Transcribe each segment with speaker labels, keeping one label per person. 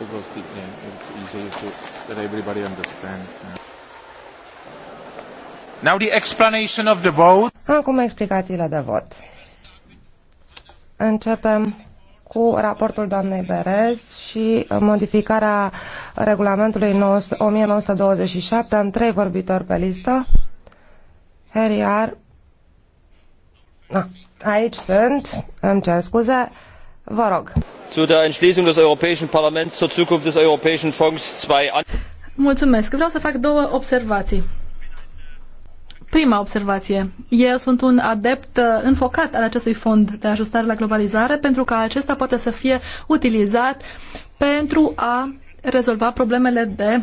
Speaker 1: because the, it's easy to, that everybody understands. Now the explanation of the
Speaker 2: vote. Acum explicațiile de vot. Începem cu raportul doamnei Berez și modificarea regulamentului 1927. Am trei vorbitori pe listă. Heriar. Ah, aici sunt. Îmi cer scuze. Vă rog.
Speaker 1: Mulțumesc. Vreau să fac două observații. Prima observație. Eu sunt un adept uh, înfocat al acestui fond de ajustare la globalizare pentru că acesta poate să fie utilizat pentru a rezolva problemele de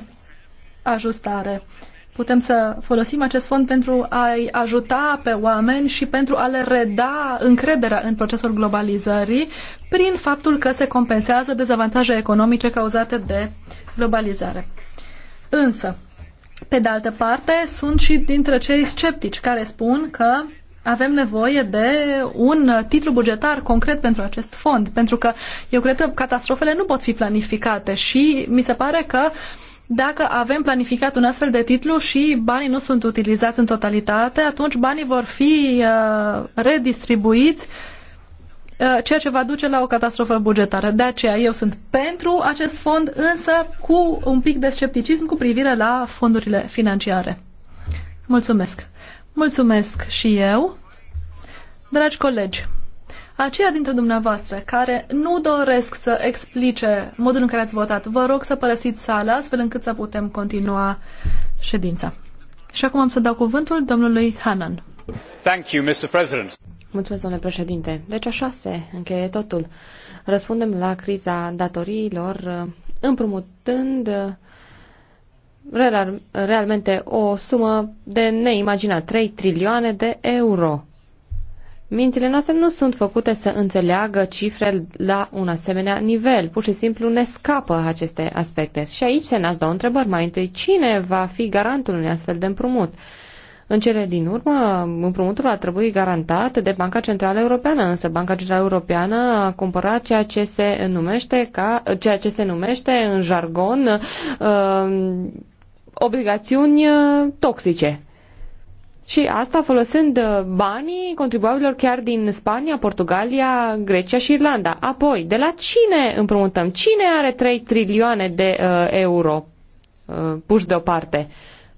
Speaker 1: ajustare. Uh, putem să folosim acest fond pentru a-i ajuta pe oameni și pentru a le reda încrederea în procesul globalizării prin faptul că se compensează dezavantaje economice cauzate de globalizare. Însă, pe de altă parte, sunt și dintre cei sceptici care spun că avem nevoie de un titlu bugetar concret pentru acest fond, pentru că eu cred că catastrofele nu pot fi planificate și mi se pare că uh, dacă avem planificat un astfel de titlu și banii nu sunt utilizați în totalitate, atunci banii vor fi uh, redistribuiți uh, ceea ce va duce la o catastrofă bugetară. De aceea eu sunt pentru acest fond, însă cu un pic de scepticism cu privire la fondurile financiare. Mulțumesc! Mulțumesc și eu! Dragi colegi, Aceia dintre dumneavoastră care nu doresc să explice modul în care ați votat, vă rog să părăsiți sala astfel încât să putem continua ședința. Și acum am să dau cuvântul domnului Hanan. Thank you, Mr. President. Mulțumesc, domnule
Speaker 3: președinte. Deci așa se încheie totul. Răspundem la criza datoriilor împrumutând real realmente o sumă de neimaginat, 3 trilioane de euro. Mințile noastre nu sunt făcute să înțeleagă cifre la un asemenea nivel. Pur și simplu ne scapă aceste aspecte. Și aici se nasc două întrebări. Mai întâi, cine va fi garantul unui astfel de împrumut? În cele din urmă, împrumutul a trebui garantat de Banca Centrală Europeană, însă Banca Centrală Europeană a cumpărat ceea ce se numește, ca, ceea ce se numește în jargon uh, obligațiuni uh, toxice. Și asta folosind uh, banii contribuabililor chiar din Spania, Portugalia, Grecia și Irlanda. Apoi, de la cine împrumutăm? Cine are 3 trilioane de uh, euro uh, puși deoparte?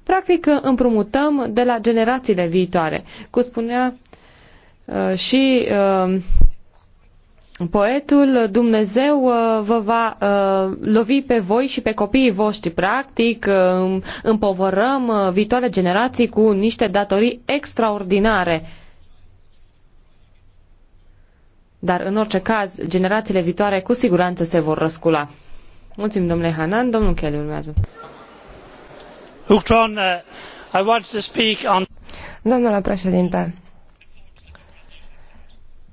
Speaker 3: Practic uh, împrumutăm de la generațiile viitoare. Cum spunea uh, și uh, poetul uh, Dumnezeu uh, vă va uh, lovi pe voi și pe copiii voștri. Practic, împovărăm viitoare generații cu niște datorii extraordinare. Dar, în orice caz, generațiile viitoare cu siguranță se vor răscula. Mulțumim, domnule Hanan. Domnul Kelly urmează.
Speaker 2: Doamna președinte,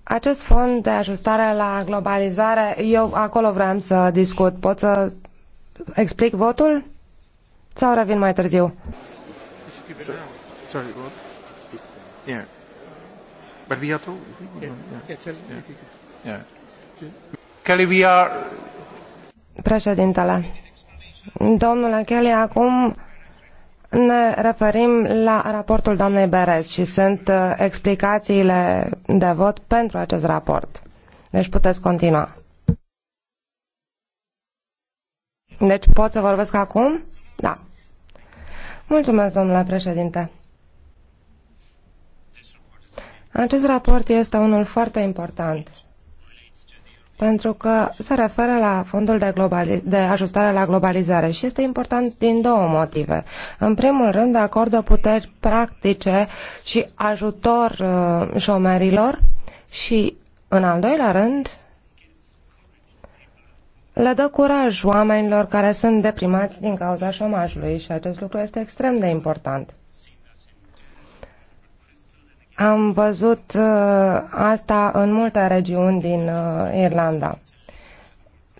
Speaker 2: acest fond de ajustare la globalizare, eu acolo vreau să discut. Pot să explic votul? Sau revin mai târziu?
Speaker 3: Sorry, Yeah. Yeah.
Speaker 2: Yeah. Kelly, we are... Președintele. Domnule Kelly, acum ne referim la raportul doamnei Berez și sunt uh, explicațiile de vot pentru acest raport. Deci puteți continua. Deci pot să vorbesc acum? Da. Mulțumesc, domnule președinte. Acest raport este unul foarte important pentru că se referă la fondul de, globali- de ajustare la globalizare și este important din două motive. În primul rând, acordă puteri practice și ajutor uh, șomerilor și, în al doilea rând, le dă curaj oamenilor care sunt deprimați din cauza șomajului și acest lucru este extrem de important. Am văzut uh, asta în multe regiuni din uh, Irlanda.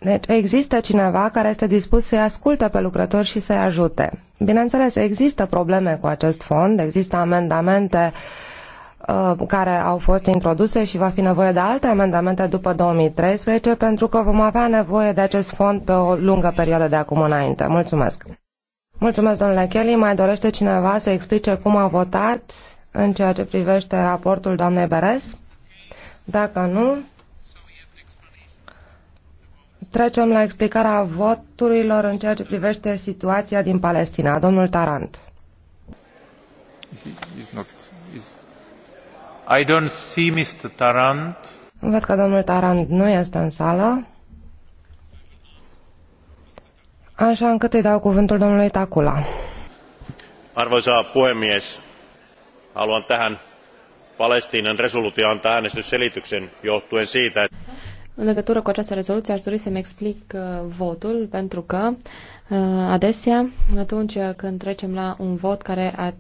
Speaker 2: Deci există cineva care este dispus să-i asculte pe lucrători și să-i ajute. Bineînțeles, există probleme cu acest fond, există amendamente uh, care au fost introduse și va fi nevoie de alte amendamente după 2013 pentru că vom avea nevoie de acest fond pe o lungă perioadă de acum înainte. Mulțumesc! Mulțumesc, domnule Kelly. Mai dorește cineva să explice cum a votat? în ceea ce privește raportul doamnei Beres? Dacă nu, trecem la explicarea voturilor în ceea ce privește situația din Palestina. Domnul Tarant. I don't see Mr. Tarant. Văd că domnul Tarant nu este în sală. Așa încât îi dau cuvântul domnului Tacula. Arvoisa puhemies, haluan tähän palestiinan rezoluutioon antaa äänestysselityksen johtuen siitä että
Speaker 3: în legătură cu această rezoluție aș dori să-mi explic uh, votul, pentru că uh, adesea, atunci când trecem la un vot care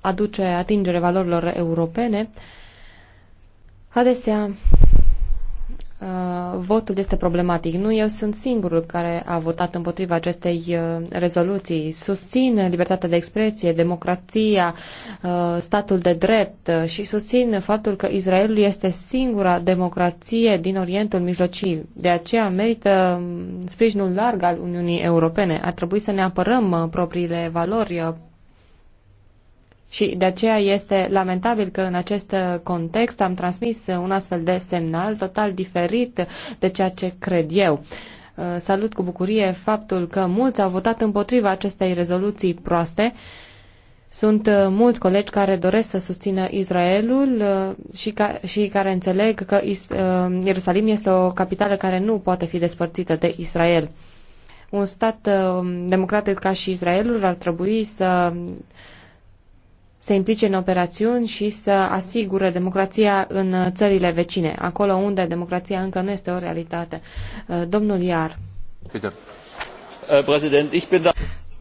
Speaker 3: aduce atingere valorilor europene, adesea Uh, votul este problematic. Nu eu sunt singurul care a votat împotriva acestei uh, rezoluții. Susțin libertatea de expresie, democrația, uh, statul de drept și susțin faptul că Israelul este singura democrație din Orientul Mijlociu. De aceea merită um, sprijinul larg al Uniunii Europene. Ar trebui să ne apărăm propriile valori și de aceea este lamentabil că în acest uh, context am transmis uh, un astfel de semnal total diferit de ceea ce cred eu. Uh, salut cu bucurie faptul că mulți au votat împotriva acestei rezoluții proaste. Sunt mulți colegi care doresc să susțină Israelul și, ca, și care înțeleg că Is, Ierusalim este o capitală care nu poate fi despărțită de Israel. Un stat democratic ca și Israelul ar trebui să uh, se implice în operațiuni și să asigure democrația în țările vecine, acolo unde democrația încă nu este o realitate. Uh, domnul Iar. Uh, da-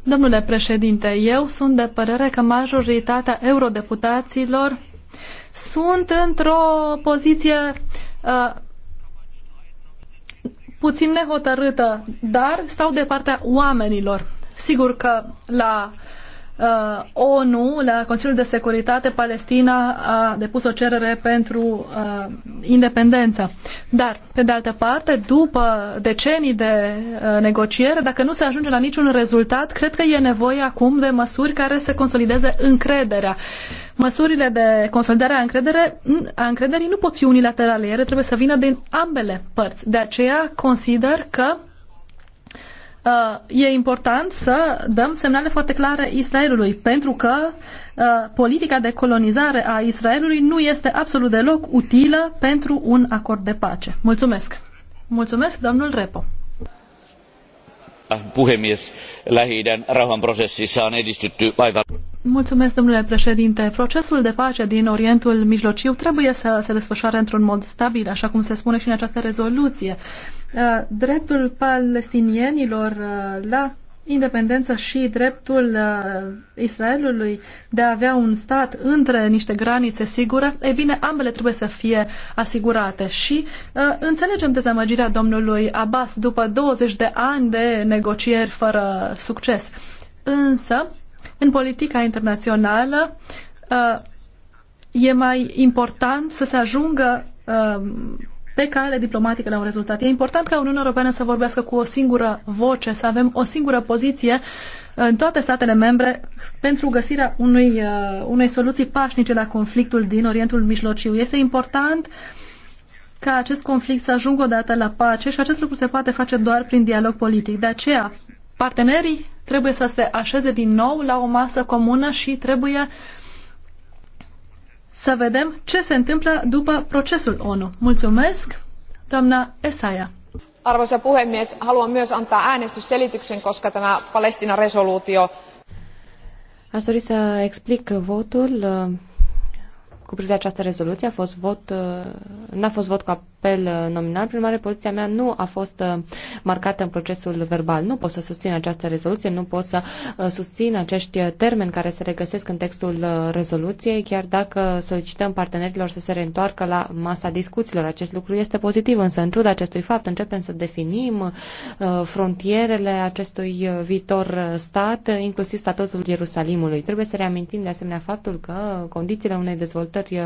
Speaker 1: Domnule președinte, eu sunt de părere că majoritatea eurodeputaților sunt într-o poziție uh, puțin nehotărâtă, dar stau de partea oamenilor. Sigur că la uh, uh, ONU, la Consiliul de Securitate, Palestina a depus o cerere pentru uh, independență. Dar, pe de altă parte, după decenii de uh, negociere, dacă nu se ajunge la niciun rezultat, cred că e nevoie acum de măsuri care să consolideze încrederea. Măsurile de consolidare a, încredere, a încrederii nu pot fi unilaterale, ele trebuie să vină din ambele părți. De aceea consider că Uh, e important să dăm semnale foarte clare Israelului, pentru că uh, politica de colonizare a Israelului nu este absolut deloc utilă pentru un acord de pace. Mulțumesc! Mulțumesc, domnul Repo!
Speaker 4: puhemies lähi idän rauhanprosessissa on edistytty aivan.
Speaker 1: Mulțumesc, domnule președinte. Procesul de pace din Orientul Mijlociu trebuie să se desfășoare într-un mod stabil, așa cum se spune și în această rezoluție. Uh, dreptul palestinienilor uh, la independență și dreptul uh, Israelului de a avea un stat între niște granițe sigure, e bine, ambele trebuie să fie asigurate. Și uh, înțelegem dezamăgirea domnului Abbas după 20 de ani de negocieri fără succes. Însă, în politica internațională uh, e mai important să se ajungă uh, pe cale diplomatică la un rezultat. E important ca Uniunea Europeană să vorbească cu o singură voce, să avem o singură poziție uh, în toate statele membre pentru găsirea unui, unei soluții pașnice la conflictul din Orientul Mijlociu. Este important ca acest conflict să ajungă odată la pace și acest lucru se poate face doar prin dialog politic. De aceea, partenerii trebuie să se așeze din nou la o masă comună și trebuie să vedem ce se întâmplă după procesul ONU. Mulțumesc, doamna Esaia. Arvoisa puhemies, haluan myös antaa äänestysselityksen, koska tämä Palestina resoluutio... Aș dori să explic
Speaker 3: votul uh, cu privire la această rezoluție. A fost vot, uh, n-a fost vot cu apel uh, nominal. Prin mare, poziția mea nu a fost uh, marcată în procesul verbal. Nu pot să susțin această rezoluție, nu pot să uh, susțin acești termeni care se regăsesc în textul rezoluției, chiar dacă solicităm partenerilor să se reîntoarcă la masa discuțiilor. Acest lucru este pozitiv, însă în ciuda acestui fapt începem să definim frontierele acestui viitor stat, inclusiv statutul Ierusalimului. Trebuie să reamintim de asemenea faptul că condițiile unei dezvoltări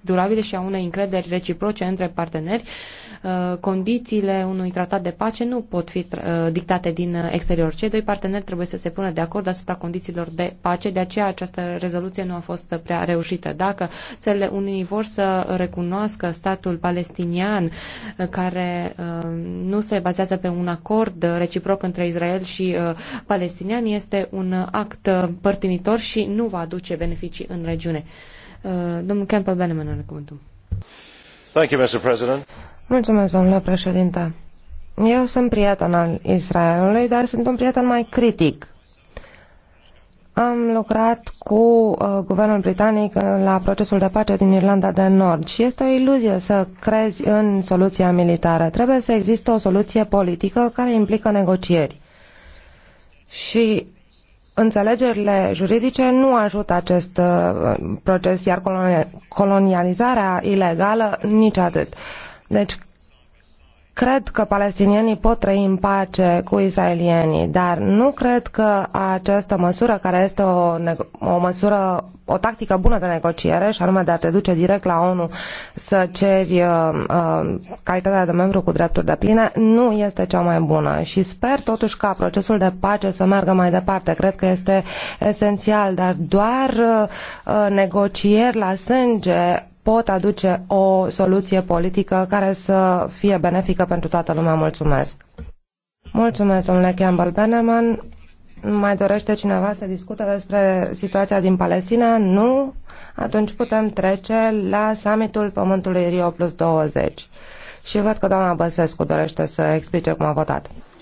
Speaker 3: durabile și a unei încrederi reciproce între parteneri parteneri, uh, condițiile unui tratat de pace nu pot fi uh, dictate din uh, exterior. Cei doi parteneri trebuie să se pună de acord asupra condițiilor de pace, de aceea această rezoluție nu a fost prea reușită. Dacă țările unii vor să recunoască statul palestinian care nu se bazează pe un acord reciproc între Israel și palestinian, este un act părtinitor și nu va aduce beneficii
Speaker 2: în regiune. Domnul Campbell bine are cuvântul. Mulțumesc, domnule președinte. Eu sunt prieten al Israelului, dar sunt un prieten mai critic. Am lucrat cu uh, guvernul britanic la procesul de pace din Irlanda de Nord și este o iluzie să crezi în soluția militară. Trebuie să existe o soluție politică care implică negocieri. Și înțelegerile juridice nu ajută acest uh, proces, iar colonializarea ilegală nici atât. Deci Cred că palestinienii pot trăi în pace cu israelienii, dar nu cred că această măsură, care este o, o măsură, o tactică bună de negociere, și anume de a te duce direct la ONU să ceri uh, uh, calitatea de membru cu drepturi de pline, nu este cea mai bună. Și sper totuși ca procesul de pace să meargă mai departe. Cred că este esențial, dar doar uh, uh negocieri la sânge pot aduce o soluție politică care să fie benefică pentru toată lumea. Mulțumesc! Mulțumesc, domnule Campbell Beneman. Mai dorește cineva să discute despre situația din Palestina? Nu? Atunci putem trece la summitul Pământului Rio plus 20. Și văd că doamna Băsescu dorește să explice cum a votat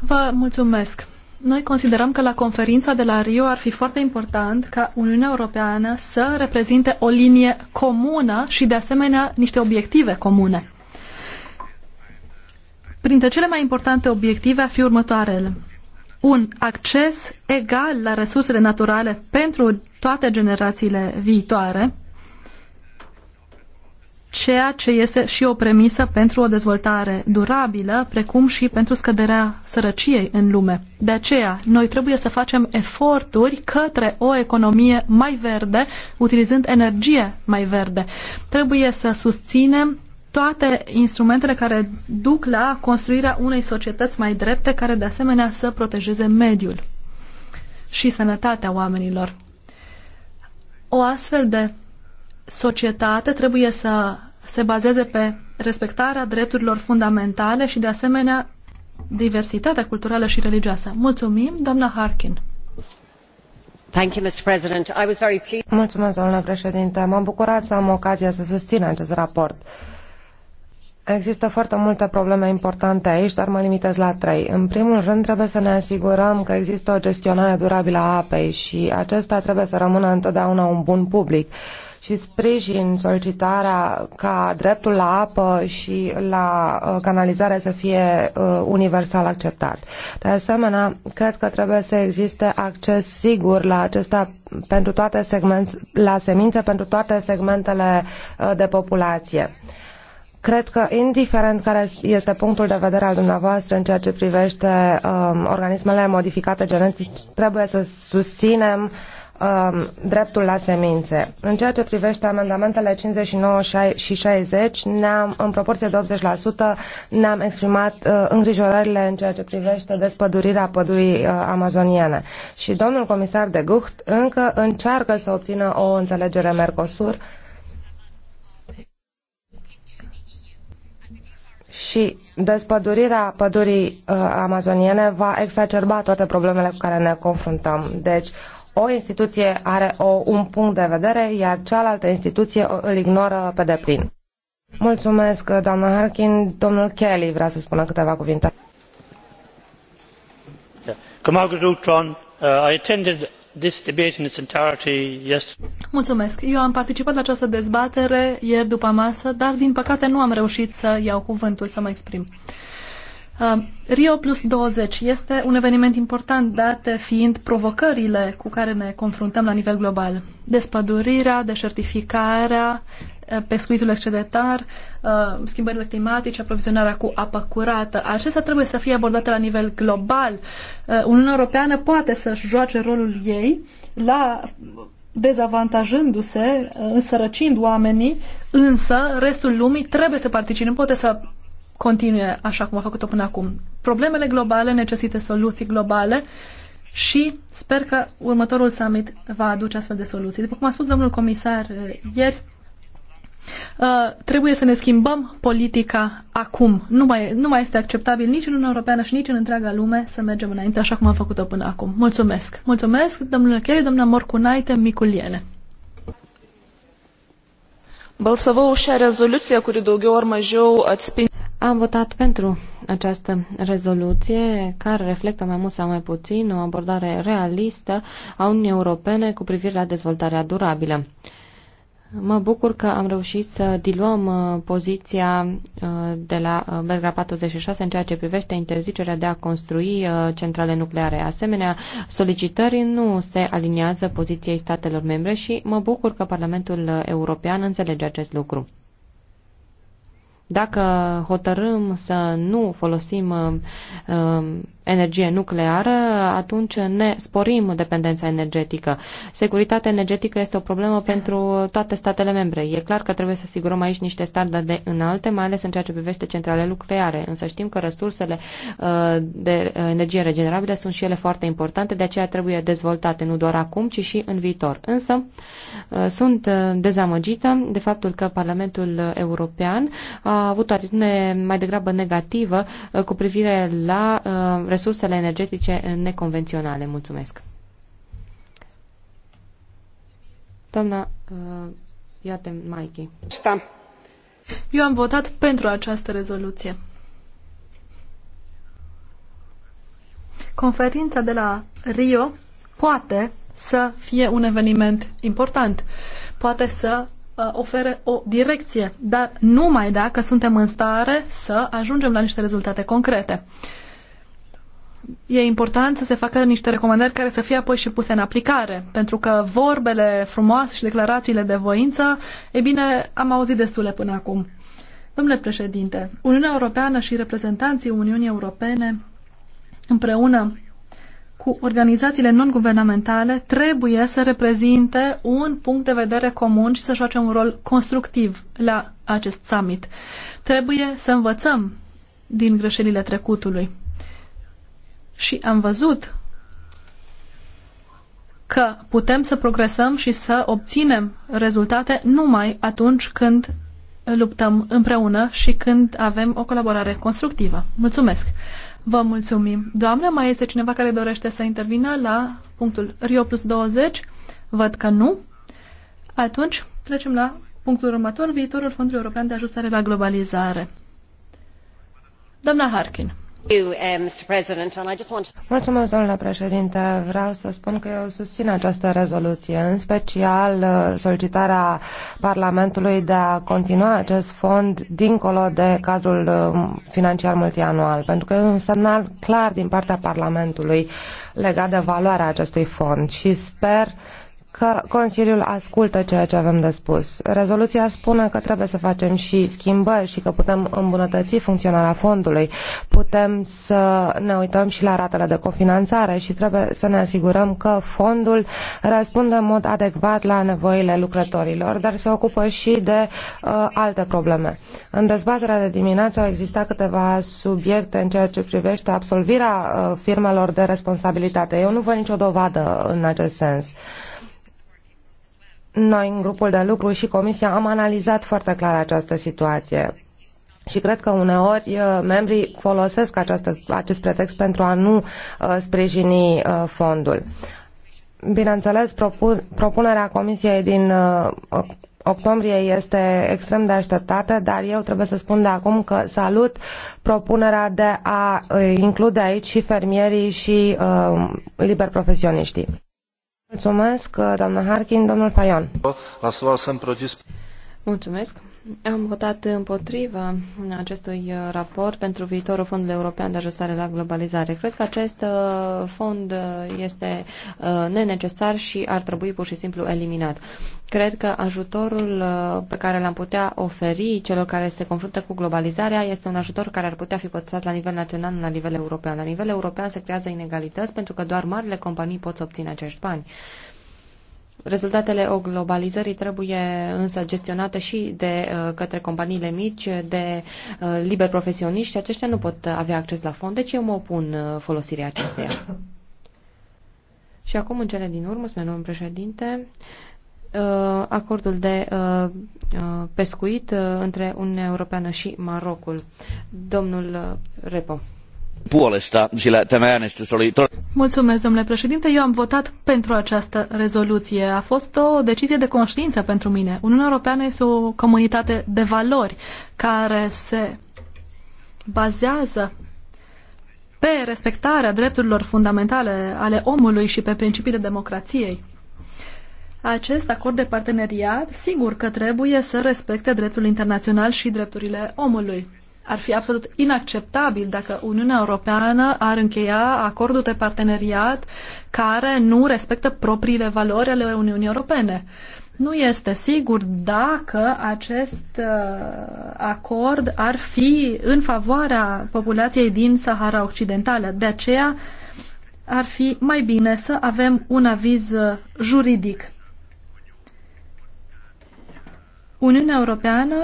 Speaker 1: Vă mulțumesc. Noi considerăm că la conferința de la Rio ar fi foarte important ca Uniunea Europeană să reprezinte o linie comună și de asemenea niște obiective comune. Printre cele mai importante obiective ar fi următoarele. Un acces egal la resursele naturale pentru toate generațiile viitoare, ceea ce este și o premisă pentru o dezvoltare durabilă, precum și pentru scăderea sărăciei în lume. De aceea, noi trebuie să facem eforturi către o economie mai verde, utilizând energie mai verde. Trebuie să susținem toate instrumentele care duc la construirea unei societăți mai drepte, care de asemenea să protejeze mediul și sănătatea oamenilor. O astfel de societate trebuie să se bazeze pe respectarea drepturilor fundamentale și, de asemenea, diversitatea culturală și religioasă. Mulțumim, doamna Harkin. Mulțumesc, doamnă președinte. M-am bucurat
Speaker 2: să am ocazia să susțin acest raport. Există foarte multe probleme importante aici, dar mă limitez la trei. În primul rând, trebuie să ne asigurăm că există o gestionare durabilă a apei și acesta trebuie să rămână întotdeauna un bun public. Uh, și sprijin solicitarea ca dreptul la apă și la uh, canalizare să fie uh, universal acceptat. De asemenea, cred că trebuie să existe acces sigur la acestea pentru toate segmente, la semințe pentru toate segmentele uh, de populație. Cred că, indiferent care este punctul de vedere al dumneavoastră în ceea ce privește um, organismele modificate genetic, trebuie să susținem uh, Um, dreptul la semințe. În ceea ce privește amendamentele 59 și 60, ne-am, în proporție de 80%, ne-am exprimat uh, îngrijorările în ceea ce privește despădurirea pădurii uh, amazoniene. Și domnul comisar de Gucht încă încearcă să obțină o înțelegere Mercosur și despădurirea pădurii uh, amazoniene va exacerba toate problemele cu care ne confruntăm. Deci, o instituție are o, un punct de vedere, iar cealaltă instituție îl ignoră pe deplin. Mulțumesc, doamna Harkin. Domnul Kelly vrea să spună câteva cuvinte.
Speaker 4: Uh,
Speaker 1: Mulțumesc. Eu am participat la această dezbatere ieri după masă, dar din păcate nu am reușit să iau cuvântul, să mă exprim. Uh, Uh, Rio Plus 20 este un eveniment important, date fiind provocările cu care ne confruntăm la nivel global. Despădurirea, deșertificarea, uh, pescuitul excedentar, uh, schimbările climatice, aprovizionarea cu apă curată. Acestea trebuie să fie abordate la nivel global. Uniunea Europeană poate să-și joace rolul ei la dezavantajându-se, însărăcind oamenii, însă restul lumii trebuie să participe. Nu poate să continue așa cum a făcut-o până acum. Problemele globale necesită soluții globale și sper că următorul summit va aduce astfel de soluții. După cum a spus domnul comisar uh, ieri, uh, trebuie să ne schimbăm politica acum. Nu mai, nu mai este acceptabil nici în Uniunea Europeană și nici în întreaga lume să mergem înainte așa cum am făcut-o până acum. Mulțumesc! Mulțumesc, domnule Kelly, doamna Morcunaite, Miculiene. Balsavau rezoluția šią rezoliuciją, kuri daugiau ar mažiau atspindi.
Speaker 3: Am votat pentru această rezoluție care reflectă mai mult sau mai puțin o abordare realistă a Uniunii Europene cu privire la dezvoltarea durabilă. Mă bucur că am reușit să diluăm uh, poziția uh, de la uh, Belgra 46 în ceea ce privește interzicerea de a construi centrale nucleare. Asemenea, solicitării nu se aliniază poziției statelor membre și mă bucur că Parlamentul European înțelege acest lucru. Dacă hotărâm să nu folosim um, energie nucleară, atunci ne sporim dependența energetică. Securitatea energetică este o problemă pentru toate statele membre. E clar că trebuie să asigurăm aici niște standarde înalte, mai ales în ceea ce privește centrale nucleare. Însă știm că resursele uh, de energie regenerabilă sunt și ele foarte importante, de aceea trebuie dezvoltate nu doar acum, ci și în viitor. Însă uh, sunt uh, dezamăgită de faptul că Parlamentul European a a avut o atitudine mai degrabă negativă uh, cu privire la uh, resursele energetice neconvenționale. Mulțumesc. Doamna uh, iată Maichi.
Speaker 1: Eu am votat pentru această rezoluție. Conferința de la Rio poate să fie un eveniment important. Poate să Uh, ofere o direcție, dar numai dacă suntem în stare să ajungem la niște rezultate concrete. E important să se facă niște recomandări care să fie apoi și puse în aplicare, pentru că vorbele frumoase și declarațiile de voință, e bine, am auzit destule până acum. Domnule președinte, Uniunea Europeană și reprezentanții Uniunii Europene împreună cu organizațiile non-guvernamentale trebuie să reprezinte un punct de vedere comun și să joace un rol constructiv la acest summit. Trebuie să învățăm din greșelile trecutului. Și am văzut că putem să progresăm și să obținem rezultate numai atunci când luptăm împreună și când avem o colaborare constructivă. Mulțumesc! Vă mulțumim. Doamne, mai este cineva care dorește să intervină la punctul Rio plus 20? Văd că nu. Atunci trecem la punctul următor, viitorul Fondului European de Ajustare la Globalizare. Doamna Harkin. Uh, Doamnă președintă, Vreau să
Speaker 2: spun că eu susțin această rezoluție, în special uh, solicitarea Parlamentului de a continua acest fond dincolo de cadrul uh, financiar multianual, pentru că e un semnal clar din partea Parlamentului legat de valoarea acestui fond și sper că Consiliul ascultă ceea ce avem de spus. Rezoluția spune că trebuie să facem și schimbări și că putem îmbunătăți funcționarea fondului, putem să ne uităm și la ratele de cofinanțare și trebuie să ne asigurăm că fondul răspunde în mod adecvat la nevoile lucrătorilor, dar se ocupă și de uh, alte probleme. În dezbaterea de dimineață au existat câteva subiecte în ceea ce privește absolvirea uh, firmelor de responsabilitate. Eu nu văd nicio dovadă în acest sens. Uh, noi, în grupul de lucru și Comisia, am analizat foarte clar această situație. Și cred că uneori uh, membrii folosesc această, acest pretext pentru a nu uh, sprijini uh, fondul. Bineînțeles, propu propunerea Comisiei din uh, octombrie este extrem de așteptată, dar eu trebuie să spun de acum că salut propunerea de a uh, include aici și fermierii și uh, liber profesioniștii. Mulțumesc, doamna Harkin, domnul Paion.
Speaker 3: Mulțumesc. Am votat împotriva acestui uh, raport pentru viitorul Fondului European de Ajustare la Globalizare. Cred că acest uh, fond uh, este nenecesar și ar trebui pur și simplu eliminat. Cred că ajutorul pe care l-am putea oferi celor care se confruntă cu globalizarea este un ajutor care ar putea fi păstrat la nivel național, nu la nivel european. La nivel european se creează inegalități pentru că doar marile companii pot să obține acești bani. Uh, Rezultatele o globalizării trebuie însă gestionate și de uh, către companiile mici, de uh, liberi profesioniști și aceștia nu pot avea acces la fond, deci eu mă opun uh, folosirea acesteia. Și acum, în cele din urmă, spune domnul președinte, acordul de pescuit între Uniunea Europeană și Marocul. Domnul
Speaker 1: Repo
Speaker 4: puolesta, sillä tämä äänestys oli...
Speaker 1: Mulțumesc, domnule președinte. Eu am votat pentru această rezoluție. A fost o decizie de conștiință pentru mine. Uniunea Europeană este o comunitate de valori care se bazează pe respectarea drepturilor fundamentale ale omului și pe principiile democrației. Acest acord de parteneriat, sigur că trebuie să respecte dreptul internațional și drepturile omului. Ar fi absolut inacceptabil dacă Uniunea Europeană ar încheia acordul de parteneriat care nu respectă propriile valori ale Uniunii Europene. Nu este sigur dacă acest uh, acord ar fi în favoarea populației din Sahara Occidentală. De aceea ar fi mai bine să avem un aviz uh, juridic. Uniunea Europeană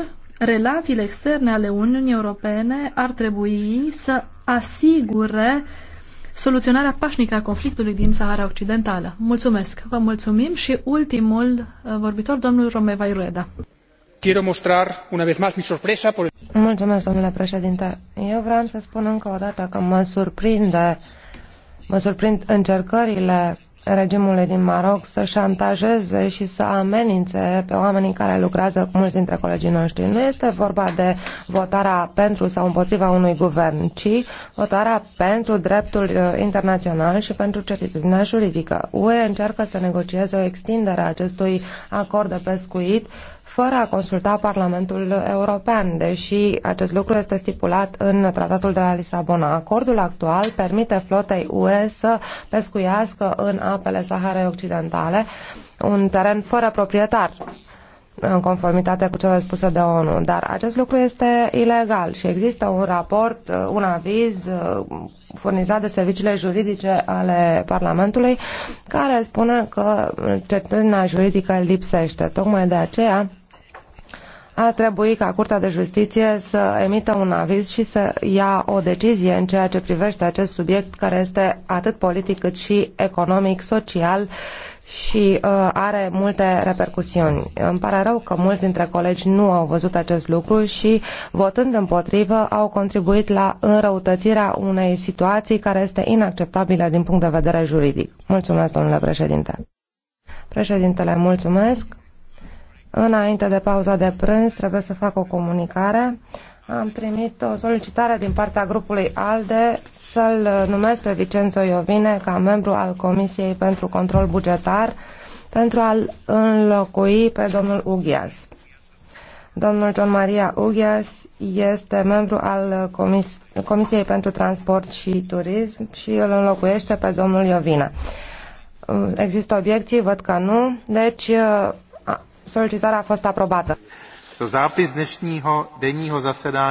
Speaker 1: relațiile externe ale Uniunii Europene ar trebui să asigure soluționarea pașnică a conflictului din Sahara Occidentală. Mulțumesc! Vă mulțumim și ultimul uh, vorbitor, domnul Romeva Irueda. una Mulțumesc, domnule președinte. Eu vreau să spun
Speaker 2: încă o dată că mă surprinde, mă surprind încercările regimului din Maroc să șantajeze și să amenințe pe oamenii care lucrează cu mulți dintre colegii noștri. Nu este vorba de votarea pentru sau împotriva unui guvern, ci votarea pentru dreptul uh, internațional și pentru certitudinea juridică. UE încearcă să negocieze o extindere a acestui acord de pescuit fără a consulta Parlamentul European, deși acest lucru este stipulat în Tratatul de la Lisabona. Acordul actual permite flotei UE să pescuiască în apele Saharei Occidentale, un teren fără proprietar în conformitate cu cele spuse de ONU. Dar acest lucru este ilegal și există un raport, uh, un aviz uh, furnizat de serviciile juridice ale Parlamentului care spune că certitudinea juridică lipsește. Tocmai de aceea ar trebui ca Curtea de Justiție să emită un aviz și să ia o decizie în ceea ce privește acest subiect care este atât politic cât și economic, social și uh, are multe repercusiuni. Îmi pare rău că mulți dintre colegi nu au văzut acest lucru și, votând împotrivă, au contribuit la înrăutățirea unei situații care este inacceptabilă din punct de vedere juridic. Mulțumesc, domnule președinte. Președintele, mulțumesc. Înainte de pauza de prânz trebuie să fac o comunicare. Am primit o solicitare din partea grupului ALDE să-l numesc pe Vicenzo Iovine ca membru al Comisiei pentru Control Bugetar pentru a-l înlocui pe domnul Ughias. Domnul John Maria Ughias este membru al Comis Comisiei pentru Transport și Turism și îl înlocuiește pe domnul Iovine. Există obiecții? Văd că nu. Deci solicitarea a fost aprobată.